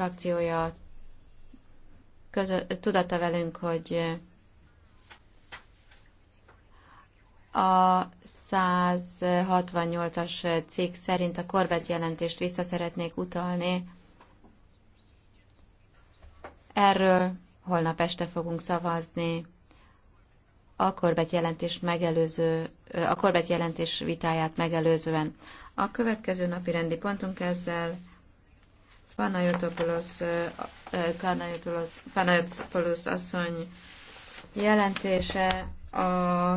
frakciója közö, tudata velünk, hogy a 168-as cikk szerint a Korbett jelentést vissza szeretnék utalni. Erről holnap este fogunk szavazni a korbet jelentés megelőző, a korbet jelentés vitáját megelőzően. A következő napi rendi pontunk ezzel Panayotopoulos, asszony jelentése a